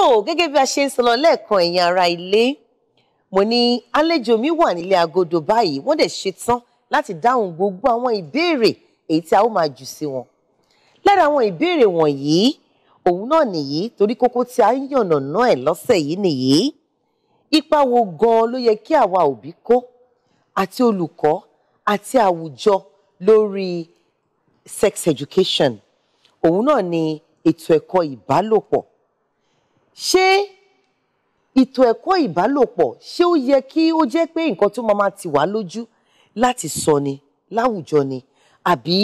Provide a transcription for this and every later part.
so gẹ́gẹ́ bí a ṣe ń sọ lọ lẹ́ẹ̀kan ẹ̀yin ará ilé mo ní àlejò mi wà nílé agodo báyìí wọ́n dẹ̀ ṣetán láti dáhùn gbogbo àwọn ìbéèrè èyí tí a ó máa jù sí wọn lára àwọn ìbéèrè wọ̀nyí òun náà nìyí torí kókó tí a ń yànnàná ẹ̀ lọ́sẹ̀ yìí nìyí ipa wo gan-an ló yẹ kí àwa òbí kó àti olùkọ́ àti àwùjọ lórí sex education òun náà ni ètò ẹ̀kọ́ ìbálòpọ̀ ṣé ètò ẹ̀kọ́ ìbálòpọ̀ ṣé ó yẹ kí ó jẹ́ pé nǹkan tó máa máa tì wá lójú láti sọ ni láwùjọ ni àbí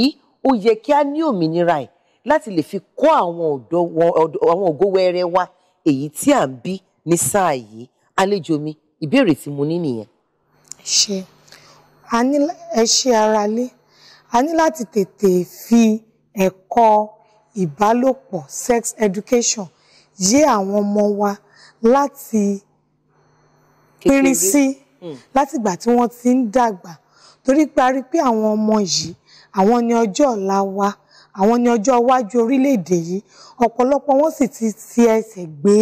ó yẹ kí a ní òmìnira ẹ̀ láti lè fi kọ́ àwọn ògo wẹrẹ wa èyí tí à ń bí ní sáà yìí àlejò mi ìbéèrè tí mo ní nìyẹn. ṣe ẹ ṣe ara lé a ní láti tètè fi ẹ̀kọ́ ìbálòpọ̀ sex education yé àwọn ọmọ wa láti pín sí hmm. látìgbà tí wọ́n ti ń dàgbà torí pé a rí pé àwọn ọmọ yìí àwọn ni ọjọ́ ọ̀la wa àwọn ni ọjọ́ iwájú orílẹ̀-èdè yìí ọ̀pọ̀lọpọ̀ wọn sì ti ti ẹsẹ̀ gbé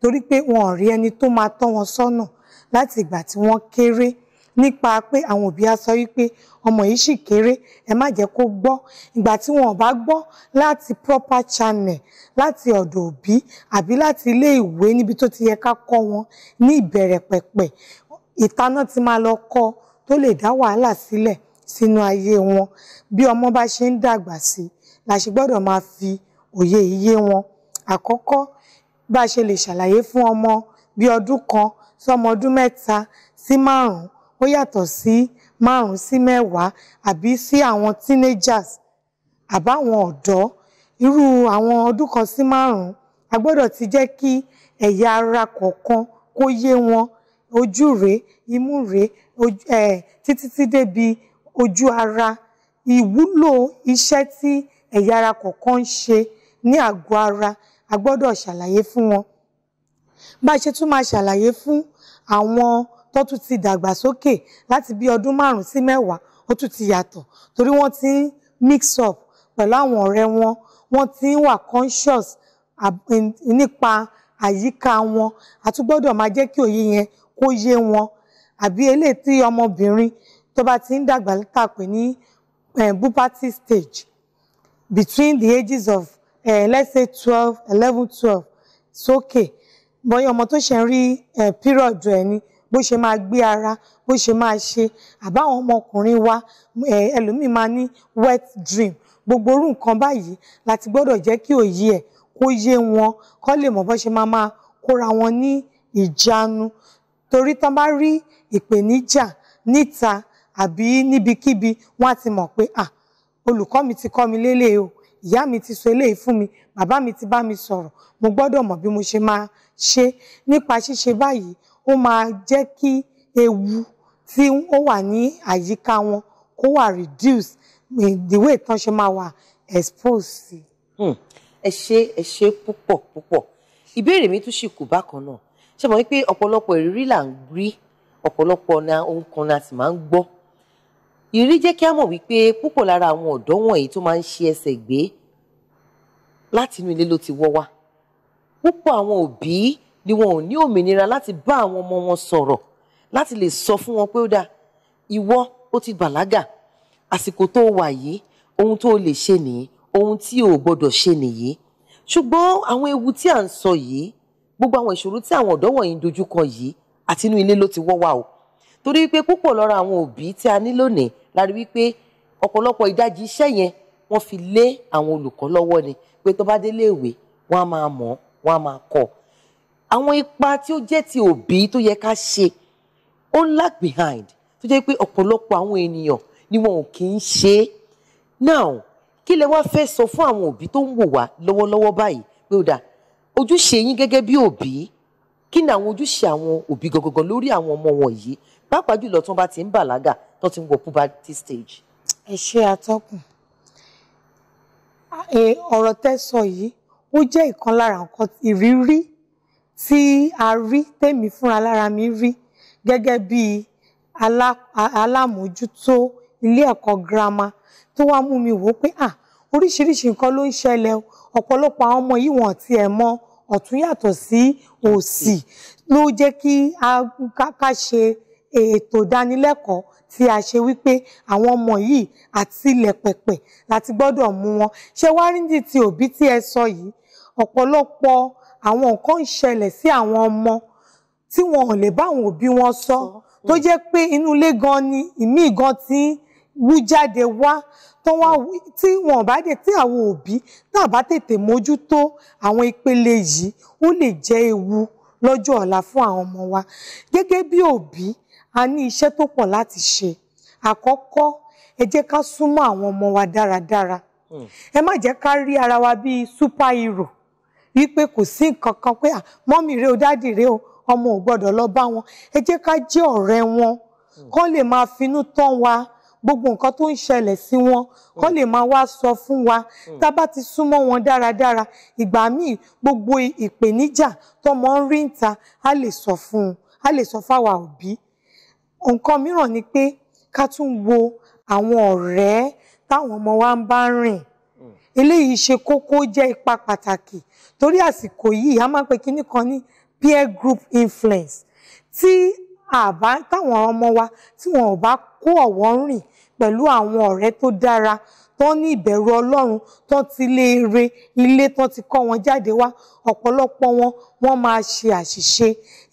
torí pé wọn ò rí ẹni tó máa tọ́ wọn sọ́nà láti ìgbà tí wọ́n kéré nípa pé àwọn òbí á sọ wípé ọmọ yìí ṣì kéré ẹ má jẹ́ kó gbọ́ ìgbà tí wọn bá gbọ́ láti proper channel láti ọ̀dọ̀ òbí àbí láti ilé ìwé níbi tó ti yẹ ká kọ́ wọn ní ìbẹ̀rẹ̀ pẹ̀pẹ̀ ìtaná ti máa lọ kọ́ tó lè dá wàhálà sílẹ̀ sínú ayé wọn bí ọmọ bá ṣe ń dàgbà sí la ṣe gbọ́dọ̀ máa fi òye iye wọn àkọ́kọ́ bá a ṣe lè ṣàlàyé fún ọmọ bí ọdún kan sí ọdún mẹ́ta sí márùn ó yàtọ̀ sí márùn-ún sí mẹ́wàá àbí sí àwọn teenagers àbáwọn ọ̀dọ́ irú àwọn ọdún kan sí márùn-ún a gbọ́dọ̀ ti jẹ́ kí ẹ̀yà ara kọ̀ọ̀kan kó yé wọn ojú rèé imú rèé títí tí débi ojú ara ìwúlò iṣẹ́ tí ẹ̀yà ara kọ̀ọ̀kan ń ṣe ní àgọ́ ara a gbọ́dọ̀ ṣàlàyé fún wọn bá a ṣe tún máa ṣàlàyé fún àwọn tó tún ti dàgbà sókè láti bí ọdún márùn sí mẹ́wàá ó tún ti yàtọ̀ torí wọ́n ti ń mix up pẹ̀lú àwọn ọ̀rẹ́ wọn wọ́n ti ń wà conscious nípa àyíká wọn àtúgbọ́dọ̀ máa jẹ́ kí òye yẹn kó yé wọn àbí eléyìí tí ọmọbìnrin tó bá ti ń dàgbà tá a pè ní eh, puberty stage between the ages of uh, let's say twelve eleven twelve sókè bóyá ọmọ tó ṣe ń rí eh, period rẹ̀ ni bó ṣe máa gbé ara bó ṣe máa ṣe àbáwọn ọmọkùnrin wa ẹlòmíín máa ní wet dream gbogbo orú nǹkan báyìí láti gbọ́dọ̀ jẹ́ kí òye ẹ̀ kó yé wọn kó lè mọ̀ bó ṣe máa máa kóra wọn ní ìjánu torí tán bá rí ìpèníjà níta àbí níbikíbi wọ́n á ti mọ̀ pé à olùkọ́ mi ti kọ́ mi lélẹ̀ o ìyá mi ti sọ eléyìí fún mi bàbá mi ti bá mi sọ̀rọ̀ mo gbọ́dọ̀ mọ̀ bí mo ṣe máa ṣe nípa ṣíṣe báyìí ó máa jẹ́ kí ewu tí ó wà ní àyíká wọn kó wà reduce the way tán ṣe máa wà expose hmm. ẹ ṣe ẹ ṣe púpọ̀ púpọ̀ ìbéèrè mi tún sì kù bákan náà ṣe mọ̀ wípé ọ̀pọ̀lọpọ̀ ìrírí là ń rí ọ̀pọ̀lọpọ̀ ọ̀nà ohun kan la sì máa ń gbọ́ ìrírí jẹ́ kí a mọ̀ wípé púpọ̀ lára àwọn ọ̀dọ́ wọ̀nyí tó máa ń ṣe ẹsẹ̀ gbé láti inú ilé ló ti wọ́ wá púpọ̀ àwọn òbí ni wọn ò ní òmìnira láti bá àwọn ọmọ wọn sọ̀rọ̀ láti lè sọ fún wọn pé ó dáa ìwọ ó ti bàlágà àsìkò tó wà yìí ohun tó lè ṣe nìyí ohun tí ò gbọdọ̀ ṣe nìyí ṣùgbọ́n àwọn ewu tí à ń sọ yìí gbogbo àwọn ìṣòro tí àwọn ọ̀dọ́ wọ̀nyí dojúkọ yìí àti inú ilé ló ti wọ́ wá o torí wípé púpọ̀ lọ́ra àwọn òbí tí a ní lónìí la rí wípé ọ̀pọ̀lọpọ̀ ìdajì iṣẹ́ yẹn wọ́n fi lé àwọn olùkọ́ lọ́wọ́ ni pé tó bá délé ìwé wọ́n á máa mọ̀ wọ́n á máa kọ́ ọ àwọn ipa tí ó jẹ́ ti òbí tó yẹ ká ṣe ó ń lag behind tó jẹ́ pé ọ̀pọ̀lọpọ̀ àwọn ènìyàn ni wọn ò kì í ṣe é now kí lẹ wá fẹ́ sọ fún àwọn òbí tó ń wò wá lọ́wọ́lọ́wọ́ báyìí pé ó dà ojúṣe yín gẹ́gẹ́ bí òbí kí ni àwọn ojúṣe àwọn òbí gangan lórí àwọn ọmọ wọn yìí pàápàá jùlọ tí wọn bá ti ń bàlágà tó ti ń wọ puberty stage. ẹ ṣe àtọkùn ọ̀rọ̀ tẹ́ sọ yìí ó jẹ́ ìkan lára nǹkan ìrírí tí a rí tèmi fúnra lára mi rí gẹ́gẹ́ bí alámòójútó ilé ẹ̀kọ́ girama tó wá mú mi wò pé ah oríṣiríṣi nǹkan ló ń ṣẹlẹ̀ ọ̀pọ̀lọpọ̀ àwọn ọmọ yìí wọ́n ti ẹ̀ mọ ọ̀tún yàtọ̀ sí òsì ló jẹ́ kí a ṣe ètò ìdánilẹ́kọ̀ọ́ tí a ṣe wípé àwọn ọmọ yìí àti ilẹ̀ pẹ̀pẹ̀ láti gbọ́dọ̀ mú wọn ṣé wá ti òbí tí ẹ sọ yìí ọ̀pọ̀lọpọ̀ àwọn nǹkan ń ṣẹlẹ̀ sí àwọn ọmọ tí wọn ò lè bá àwọn òbí wọn sọ tó jẹ́ pé inú ilé gan ni ìmíì gan ti ń wú jáde wá tó wá tí wọn bá dé tí àwọn òbí tá a bá tètè mójútó àwọn ìpele yìí ó lè jẹ́ ewu lọ́jọ́ ọ̀la fún àwọn ọmọ wa gẹ́gẹ́ bí òbí a ní iṣẹ́ tó pọ̀ láti ṣe àkọ́kọ́ ẹ jẹ́ ká súnmọ́ àwọn ọmọ wa dáradára hmm. ẹ má jẹ́ ká rí ara wa bíi superhero wípé kò sí nǹkan kan pé à mọ́mì rẹ o dáàdì rẹ o ọmọ ò gbọ́dọ̀ lọ bá wọn ẹ jẹ́ ká jẹ́ ọ̀rẹ́ wọn kán lè máa finú tán wa gbogbo nǹkan tó ń ṣẹlẹ̀ sí wọn kán lè máa wá sọ fún wa tá a bá ti súnmọ́ wọn dáradára ìgbà míì gbogbo ìpèníjà tọmọ ń rí níta a lè sọ fún un a lè sọ fáwa òbí nǹkan mìíràn ni pé ká tún wo àwọn ọ̀rẹ́ táwọn ọmọ wa ń bá rìn eléyìí ṣe kókó jẹ́ ipa pàtàkì torí àsìkò yìí a máa ń pe kinní kan ní peer group influence tí àbá táwọn ọmọ wa tí wọn ò bá kó ọ̀wọ́ rìn pẹ̀lú àwọn ọ̀rẹ́ tó dára tán ní ìbẹ̀rù Ọlọ́run tán ti lé eré ilé tán ti kọ́ wọn jáde wá ọ̀pọ̀lọpọ̀ wọn wọ́n máa ṣe àṣìṣe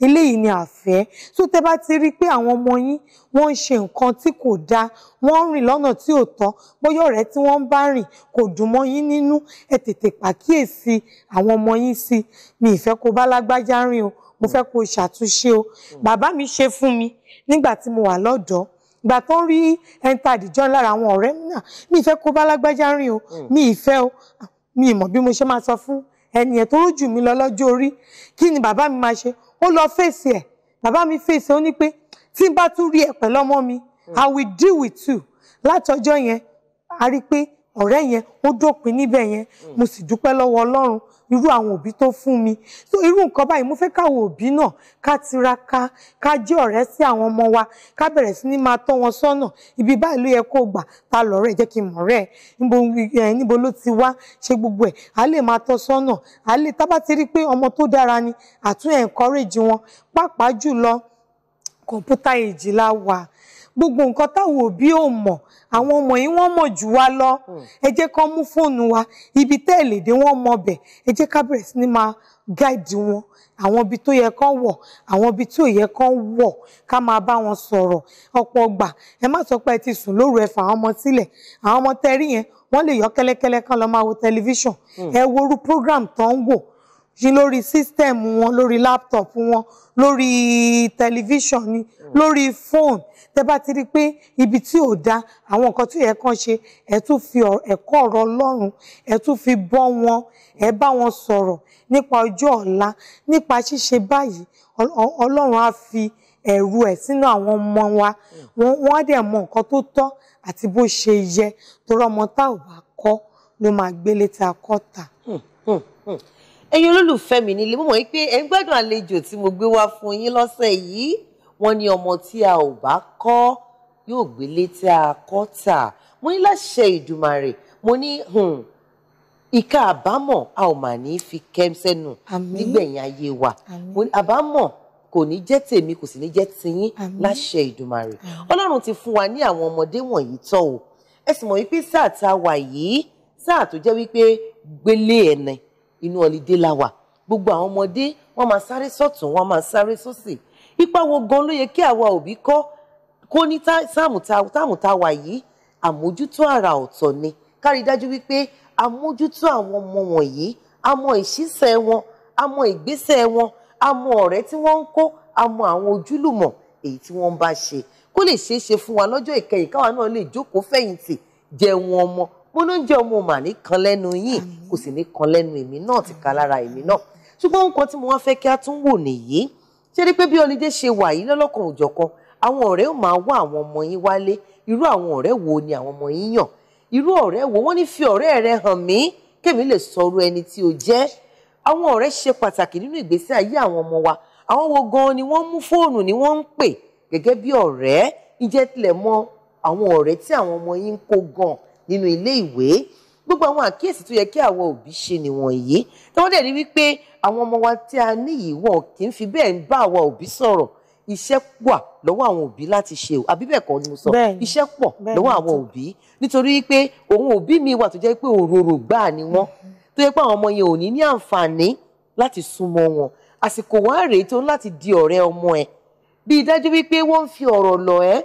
eléyìí ni àfẹ́ tó tẹ́ bá ti rí pé àwọn ọmọ yín wọ́n ń ṣe nǹkan tí kò dáa wọ́n ń rìn lọ́nà tí ò tọ́ bóyá ọ̀rẹ́ tí wọ́n ń bá rìn kò dùn mọ́ yín nínú ẹ tètè pàkíyèsí àwọn ọmọ yín sí mi ìfẹ́ kó bá lágbájá rìn o mo fẹ́ kó ṣàtúnṣe o bàbá mi ṣe fún mi nígbà tí mo wà lọ́dọ̀ọ́ gbà tó ń rí ẹńtà àdìjọ́ lára àwọn ọ̀rẹ́ ah, mi náà mi ìfẹ́ kó bá lágbájá rìn o hmm. mi ìfẹ́ o ah, mi ìmọ̀ bí mo ṣe máa sọ fún ẹni ẹ̀ tó rójú mi lọ lọ́jọ́ orí kí ni bàbá mi máa ṣe ó lọ fèsì ẹ̀ bàbá mi fèsì ó ní pé tí n bá tún rí ẹ pẹ̀lú mi hmm. i will deal with you látọjọ́ yẹn a rí i pé ọ̀rẹ́ yẹn ó dópin níbẹ̀ yẹn mo sì dúpẹ́ lọ́wọ́ Ọlọ́run irú àwọn òbí tó fún mi so irú nǹkan báyìí mo fẹ́ káwọn òbí náà ká tiraka ká jẹ́ ọ̀rẹ́ sí àwọn ọmọ wa ká bẹ̀rẹ̀ sí ní máa tọ́ wọn sọ́nà ibi báyìí ló yẹ kó gbà ta lọ̀rẹ́ jẹ́ kí n mọ̀ rẹ́ níbo ló ti wá ṣe gbogbo ẹ̀ á lè máa tọ́ sọ́nà á lè tá ti rí i pé ọmọ tó dára ni àtún encourage wọn pàápàá jùlọ kọ̀ǹpútà èjì wà gbogbo nǹkan táwọn òbí ò mọ̀ àwọn ọmọ yìí wọ́n mọ̀ jù wá lọ hmm. ẹ jẹ́ kán mú fóònù wa ibi tẹ́ ẹ̀ lè dé wọ́n mọ̀ bẹ̀ ẹ jẹ́ ká bẹ̀rẹ̀ sí ni máa gáìdì wọn àwọn ibi tó yẹ kán wọ̀ àwọn ibi tí ò yẹ kán wọ̀ ká máa bá wọn sọ̀rọ̀ ọ̀pọ̀ ọgbà ẹ má sọ pé ẹ ti sùn lóru ẹ àwọn ọmọ sílẹ̀ àwọn ọmọ tẹrí yẹn wọ́n lè yọ kẹ́lẹ́kẹ́lẹ́ kán lọ máa wo tẹlifíṣàn hmm. ẹ worú program tó ń wò yí lórí system wọn lórí laptop wọn lórí television, ni lórí phone tẹ bá ti rí i pé ibi tí ò da àwọn nǹkan tí ò yẹ kán ṣe ẹ tún fi ẹ̀kọ́ ọ̀rọ̀ Ọlọ́run ẹ tún fi bọ́ wọn ẹ bá wọn sọ̀rọ̀ nípa ọjọ́ ọ̀la nípa ṣíṣe báyìí Ọlọ́run á fi ẹ̀rù ẹ̀ sínú àwọn ọmọ wa wọ́n á dẹ̀ mọ nǹkan tó tọ́ àti bó ṣe yẹ torí ọmọ tá ò bá kọ́ ló máa gbélé ta kọ́ hmm, hmm, hmm ẹ̀yin olólùfẹ́ mi nílé mo mọ̀ pé ẹ̀ ń gbádùn àlejò tí mo gbé wá fún yín lọ́sẹ̀ yìí wọ́n ní ọmọ tí a ò bá kọ́ yóò gbélé tí a kọ́ tà mo ní láṣẹ Ìdùmarè mo ní hmm, ìka àbámọ̀ a ò mà ní fi kẹ́m sẹ́nu nígbẹ̀yìn ayé wa àbámọ̀ kò ní jẹ́ tèmi kò sì ní jẹ́ tiyín láṣẹ Ìdùmarè Ọlọ́run ti fún wa ní àwọn ọmọdé wọ̀nyí tọ́ o ẹ sì mọ̀ wípé sáà tá a wà yìí sáà tó jẹ́ wípé gbélé ẹ̀nẹ́ inú ọlídé la wà gbogbo àwọn ọmọdé wọ́n máa sáré sọ́tún wọ́n máa sáré sósì ipa wo gan ló yẹ kí àwa òbí kọ́ kó ní táàmù tá a wà yìí àmójútó àrà ọ̀tọ̀ ni ká rí dájú wípé àmójútó àwọn ọmọ wọ̀nyí a mọ ìṣísẹ̀ wọn a mọ wọn a mọ tí wọ́n ń kó a àwọn ojúlùmọ̀ èyí tí wọ́n ń bá ṣe kó lè ṣeé ṣe fún wa lọ́jọ́ ìkẹyìn káwa náà lè jókòó fẹ̀yìntì jẹun ọmọ bóná jẹ́ ọmọ mà ní kan lẹ́nu yín kò sì ní kan lẹ́nu èmi náà ti ka lára èmi náà ṣùgbọ́n nǹkan tí mo wá fẹ́ kí a tún wò nìyí ṣé rí pé bí ọlídé ṣe wà yìí lọ́lọ́kan òjọ̀kan àwọn ọ̀rẹ́ ò máa wá àwọn ọmọ yín wálé irú àwọn ọ̀rẹ́ wo ni àwọn ọmọ yín yàn irú ọ̀rẹ́ wo wọ́n ní fi ọ̀rẹ́ rẹ hàn mí kémi lè sọ̀rọ̀ ẹni tí o jẹ́ àwọn ọ̀rẹ́ ṣe pàtàkì nínú ìgbésí ayé àwọn ọmọ wa àwọn wo gan ni wọ́n mú fóònù ni wọ́n ń pè gẹ́gẹ́ bí ọ̀rẹ́ ǹjẹ́ mọ àwọn ọ̀rẹ́ tí àwọn ọmọ yín ń kó gan nínú ilé ìwé gbogbo àwọn àkíyèsí tó yẹ kí àwọn òbí ṣe nìwọ̀nyí tí wọ́n dẹ̀ rí wípé àwọn ọmọ wa tí a ní yìí wọn kì í fi bẹ́ẹ̀ ń bá àwọn òbí sọ̀rọ̀ iṣẹ́ wà lọ́wọ́ àwọn òbí láti ṣe o àbí bẹ́ẹ̀ kọ́ ni mo sọ iṣẹ́ pọ̀ lọ́wọ́ àwọn òbí nítorí pé òun òbí mi wà tó jẹ́ pé òróró gbáà ni wọ́n tó jẹ́ pé àwọn ọmọ yẹn ò ní ní àǹfààní láti súnmọ́ wọn àsìkò wọn rèé tó láti di ọ̀rẹ́ ọmọ ẹ̀ bí dájú wípé wọ́n ń fi ọ̀rọ̀ lọ̀ ẹ́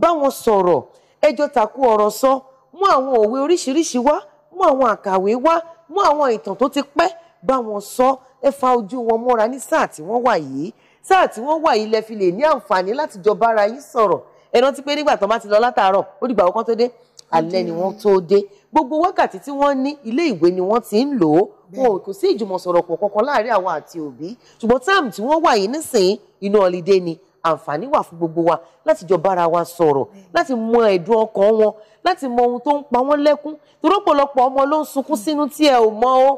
bá wọn sọ̀rọ̀ ẹjọ́ takú ọ̀rọ̀ sọ mú àwọn òwe oríṣiríṣi wá mú àwọn àkàwé wá mú àwọn ìtàn tó ti pẹ́ bá wọn sọ ẹ fa ojú wọn mọ́ra ní sáà tí wọ́n wà yìí sáà tí wọ́n wà yìí lẹ fi lè ní àǹfààní láti jọ bára yín sọ̀rọ̀ ẹ rántí pé nígbà tán bá ti lọ látàárọ̀ ó dìgbà wọn kán tó dé alẹ́ ni wọ́n tó dé gbogbo wákàtí tí wọ́n ní ilé ìwé ni wọ́n ti ń lò ó wọn ò kò sí ìjùmọ̀sọ̀rọ̀ pọ̀ kankan láàárín àwọn àti òbí ṣùgbọ́n táàmù tí wọ́n wà yìí nísìnyí inú ọ̀lídé ni àǹfààní wà fún gbogbo wa láti jọ bára wa sọ̀rọ̀ láti mọ ẹ̀dùn ọkàn wọn láti mọ ohun tó ń pa wọ́n lẹ́kún torí ọ̀pọ̀lọpọ̀ ọmọ ló ń sunkún sínú tí ẹ ò mọ̀ o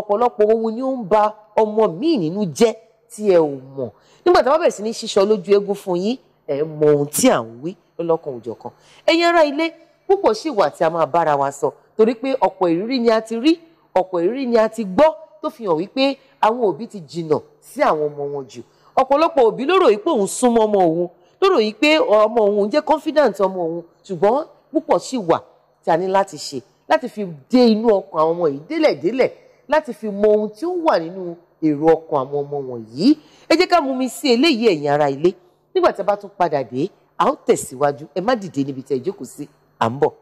ọ̀pọ̀lọpọ̀ ohun ni ó ń ba ọmọ míì nínú jẹ́ tí ẹ ò mọ̀ nígbà tí wọ́n bẹ̀rẹ̀ sí ní ṣíṣọ lójú eégún fún yín ẹ mọ ohun tí à ń wí lọ́lọ́kan òjọ̀kan ẹ̀yin ará ilé púpọ̀ sì wà tí a máa bára wa sọ torí pé ọ̀pọ̀ ìrírí ni a ti rí ọ̀pọ̀ ìrírí ni a ti gbọ́ tó fi hàn wípé àwọn òbí ti jìnnà sí àwọn ọmọ wọn jù ọ̀pọ̀lọpọ̀ òbí ló rò yìí pé òun súnmọ́ ọmọ òun ló rò yìí pé ọmọ òun jẹ́ confident ọmọ òun ṣùgbọ́n púpọ̀ sì wà tí a ní láti ṣe láti fi dé inú ọkàn àwọn ọmọ yìí délẹ̀ délẹ̀ láti fi mọ ohun tí ó wà nínú èrò ọkàn àwọn ọmọ wọ̀nyí ẹ jẹ́ ká mú mi sí eléyìí ẹ̀yin ará ilé nígbà tí a bá tún padà dé a ó tẹ̀síwájú ẹ má dìde níbi tẹ̀ ìjókòó sí à ń bọ̀.